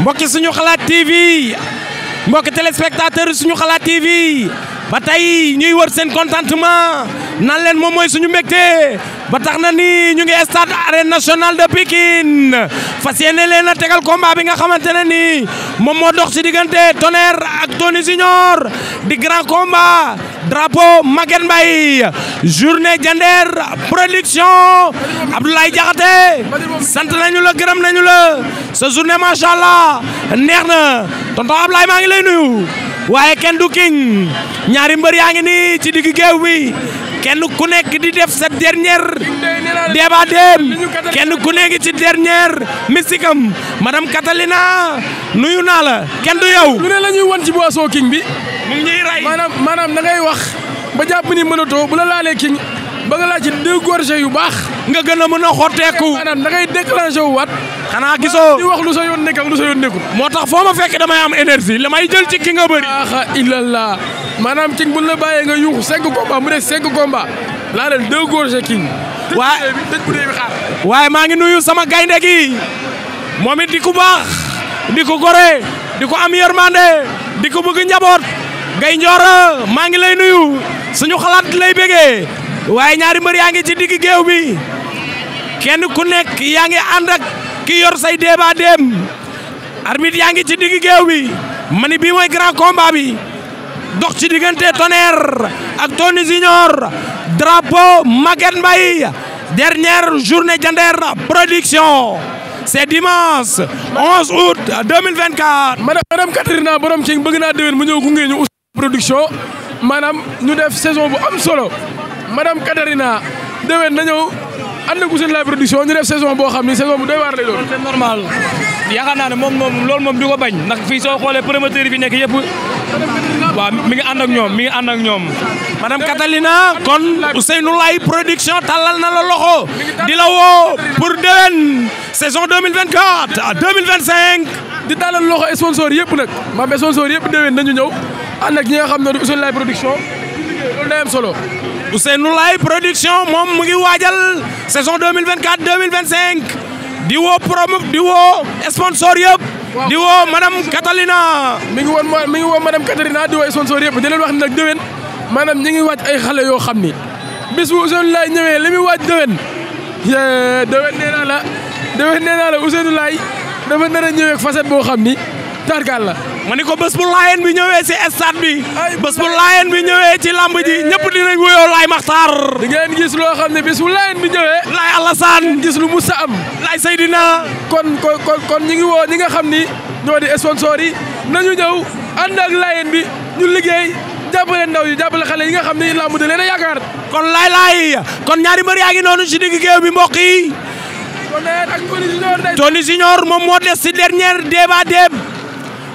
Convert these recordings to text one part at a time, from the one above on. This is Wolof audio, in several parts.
mbokki suñu xalaat TV mbokki téléspectateur suñu xalaat TV ba ñuy wër seen contentement nan leen moom mooy suñu mbégte ba tax na ni ñu ngi stade arène nationale de Pikine fas yéene leen a tegal combat bi nga xamante ne ni moom moo dox ci diggante Tonnerre ak Tony Junior di grand combat drapeau Maguette Mbaye journée Diender production Abdoulaye Diakhaté sant nañu la gërëm nañu la sa journée macha allah neex na tonton Abdoulaye maa ngi lay nuyu waaye kenn du king ñaari mbër yaa ngi nii ci digg géew bi kenn ku nekk di def sa dernière débat dem kenn ku nekk ci dernière mystique am madame Catalina nuyu naa la kenn du yow. lu ne la ñuy wan ci soo king bi. mu ngi ñuy rey maanaam maanaam da ngay wax ba jàpp ni mënatoo bu la laalee king ba nga laaj ci deux gorgées yu baax. nga gën a mën a xotteeku. maanaam da ngay déclenché wu waat. xanaa gisoo di wax lu sa yoon nekk ak lu sa yoon nekkul. moo tax foo ma fekk damay am énergie la may jël ci ki nga bëri. ah illallah. maanaam king bu la bàyyee nga yuuxu cinq combat mu ne cinq combat laa leen deux gorgé waaye maa ngi nuyu sama gaynde gi moom it di baax di ko gore di ko am yërmande di ko bëgg njaboot ngay maa ngi lay nuyu suñu xalaat lay bégee waaye ñaari mbër yaa ngi ci digg geew bi kenn ku nekk yaa ngi ànd ki yor say débat dem arbitre yaa ngi ci digg géew bi ma ni bii mooy grand combat bi. dox ci diggante Tonnerre ak Tony Junior drapeau Maguette Mbaye dernière journée Diender production c'est dimanche 11 août 2024. madame Katrina borom ci bëgg naa déwén mu ñëw gunge ñu production maanaam ñu def saison bu am solo madame Katrina déwén na ñëw ànd ak Ousseynou Laye production ñu def saison boo xam ni saison bu doy waar lay doon. c'est normal yaakaar naa ne moom moom loolu moom du ko bañ na fii soo xoolee promoteur bi nekk yëpp. waaw mi ngi ànd ñoom mi ngi ànd ak ñoom. madame Catalina kon Ousseynou Laye production tàllal na la loxo di la woo pour déwén saison 2024 à 2025. di tàllal loxo sponsor yëpp nag maam sponsor yëpp déwén nañu ñëw ànd ak ñi nga xam ne Ousseynou Laye production loolu day am solo. Ousseynou Laye moom mu ngi waajal saison 2024 2025 di woo promo di woo sponsor yëpp. di woo madame Catalina. mi ngi woon mi ngi woo madame Catalina di woo sponsor yëpp di leen wax ne nag déwén maanaam ñi ngi waaj ay xale yoo xam ni bis bu Ousseynou Laye ñëwee li muy waaj déwén. déwén nee naa la déwén nee naa la Ousseynou Laye dafa nar a ñëwee ak boo xam ni tarkaal la. ma ni ko bés bu laayeen bi ñëwee ci stade bi bés bu laayeen bi ñëwee ci lamb ji ñëpp dinañ wuyoo Laay Maxtaar di gis loo xam ne bés bu laayeen bi ñëwee Laay Alassane gis lu musa am Laay Seydina kon kon kon kon ñi ngi woo ñi nga xam ni ñoo di sponsor yi nañu ñëw ànd ak laayeen bi ñu liggéey jàppale ndaw yi jàppale xale yi nga xam ni lamb da leen a yaakaar kon laay laay kon ñaari mbër yaa ngi noonu ci digg géew bi mbokk yi Tony Junior moom moo des ci dernier débat déeb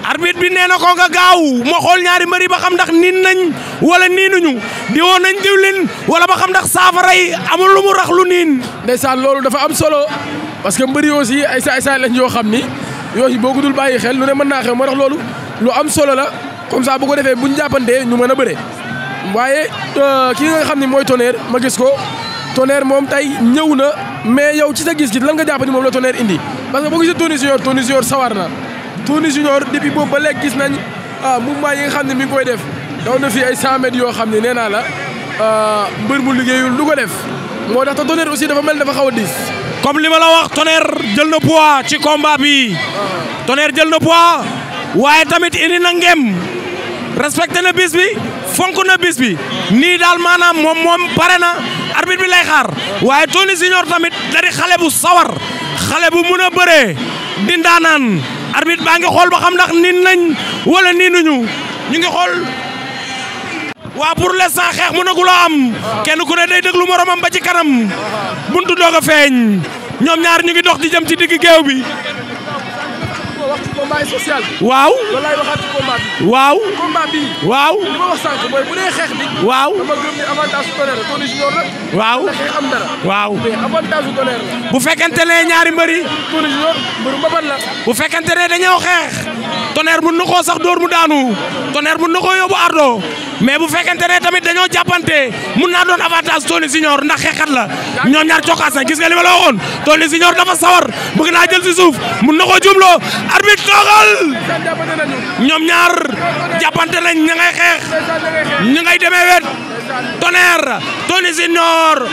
arbitre bi nee na ko nga gaaw ma xool ñaari mbëri ba xam ndax nin nañ wala niinuñu di woon nañ diwlin wala ba xam ndax saafara yi amul lu mu rax lu niin. ndeysaan loolu dafa am solo parce que mbëri aussi ay saay saay lañ yoo xam ni yooyu boo ko dul bàyyi xel lu ne mën naa xew ma rax loolu lu am solo la comme ça bu ko defee bu ñu jàppantee ñu mën a bëre. waaye euh, kii nga xam ni mooy tonnerre ma gis ko tonnerre moom tey ñëw na mais yow ci sa gis-gis lan nga jàpp ni moom la tonnerre indi Touré Junior depuis boobu ba léegi gis nañ ah, mouvement yi nga xam ne mi ngi koy def daw na fi ay 100 mètres yoo xam ne nee naa la ah, mbër mu liggéeyul du ko def moo tax te Tonnerre aussi dafa mel dafa xaw a diis. comme li ma la wax Tonnerre jël na poids ci combat bi Tonnerre jël na poids waaye tamit indi na ngem respecté na bis bi fonk na bis bi nii daal maanaam moom moom pare na arbitre bi lay xaar waaye Touré Junior tamit da di xale bu sawar xale bu mën a bëree di ndaanaan arbitre baa ngi xool ba xam ndax niin nañ wala niinuñu ñu ngi xool waa pour l'instant xeex mu nagu loo am kenn ku ne day déglu moromam ba ci kanam buntu doog a feeñ ñoom ñaar ñu ngi dox di jëm ci digg géew bi combat social. waaw loolu waaw bu dee ne ñaari mbëri. Tony bu fekkente ne dañoo xeex. Tonnerre mun na koo sax dóor mu daanu Tonnerre mun na koo yóbbu Ardo mais bu fekkente ne tamit dañoo jàppante mun naa doon avantage Tony Junior ndax xeexat la ñoo ñaar cokkaas na gis nga li ma la waxoon Tony Junior dafa sawar bëgg naa jël si suuf mun na koo jumloo arbitre toogal ñoom ñaar jàppante nañ ña ngay xeex ña ngay demee Tonnerre Tony Junior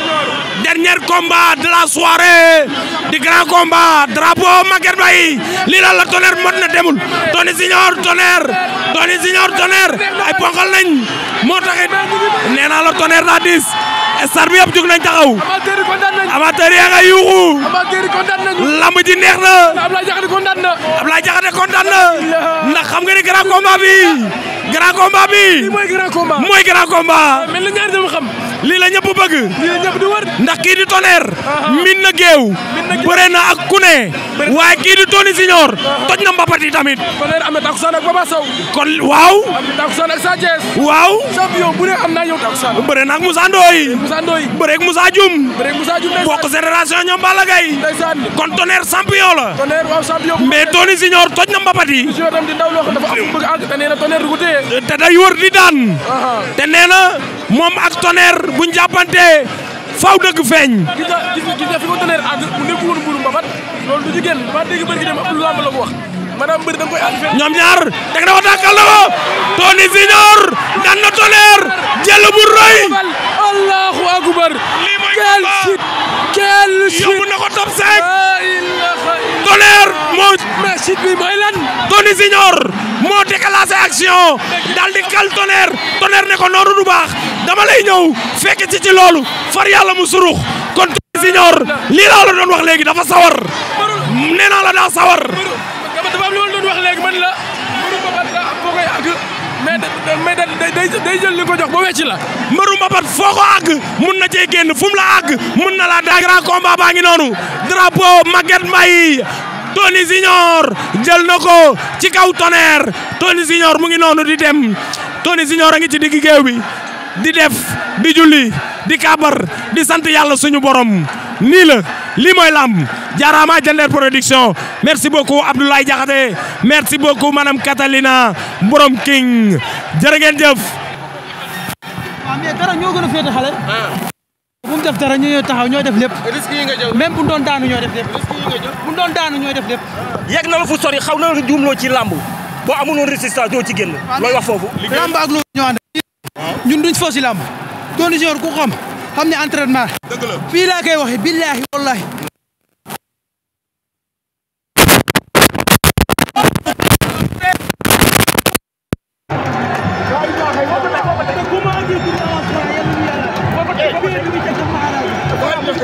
dernier combat de la soirée du grand combat drapeau Maguette Baye lii la la na demul Tony Junior Tonnerre Tony Junior Tonnerre ay ponkal nañ moo taxit nee naa diis star bi jug nañ taxaw amateur yi yuuxu lamb neex na na Ablaye Diakhaté kontaan na ndax xam nga ni grand combat bi grand bi mooy grand mooy grand lii la ñëpp bëgg. lii di wër. ndax kii di Tonnerre. min na géew. bëre na ak ku ne. waaye kii di Tony Junior. toj na mbapat yi tamit. Tonnerre kon waaw. Sa Thiès. waaw. champion bu am naa yow takusaan. bëre na ak musa Ndoye. Moussa Ndoye. bëre ak Moussa Dioum. bëre ak ñoom Balla Gaye. kon Tonnerre champion la. Tonnerre waaw champion. mais Tony toj na mbapat yi. Junior tam di ndaw loo xam dafa te day wër di daan. te nee moom ak tonnerre buñ jàppante dëgg feeñ. bu nekkul woon mbirum feeñ. ñoom ñaar da nga ko tàkkal ko Tony Junior na tonnerre jël bu rëy. allahu akbar. lii mooy quel chute quel na ko top 5. tonnerre moo. mais chute moo déclenché action daal di kal tonnerre tonnerre ne ko noonu du baax dama lay ñëw fekk ci ci loolu far yàlla mu surux kon Tony Junior lii la doon wax léegi dafa sawar nee naa la daa sawar. day jël li ko jox ba wecc la mbëru mbapat foo ko mun na cee génn fu mu la àgg mun na laa daa grand ngi noonu drapeau Maguette Mbaye Tony Junior jël na ko ci kaw Tonnerre Tony Junior mu ngi noonu di dem Tony Junior a ngi ci digg géew bi di def di julli di kabar di sant yàlla suñu borom nii la lii mooy làmb jaaraama Diender production merci beaucoup Abdoulaye Diakhaté merci beaucoup madame Catalina borom King jërë jëf mais dara ñoo gën a féete xale. Ah. bu def dara ñu ñoo taxaw ñoo def lépp. risque yi doon daanu ñoo def lépp. doon daanu ñoo def lépp. Ah. yegg na la fu sori xaw na la ci làmb boo amuloon résistance doo ci génn. looy wax foofu. làmb ak loolu ñoo ànd. Ah. ñun duñ foo si làmb. condition ku xam xam ne entraînement. fii laa koy waxee billaahi wallaahi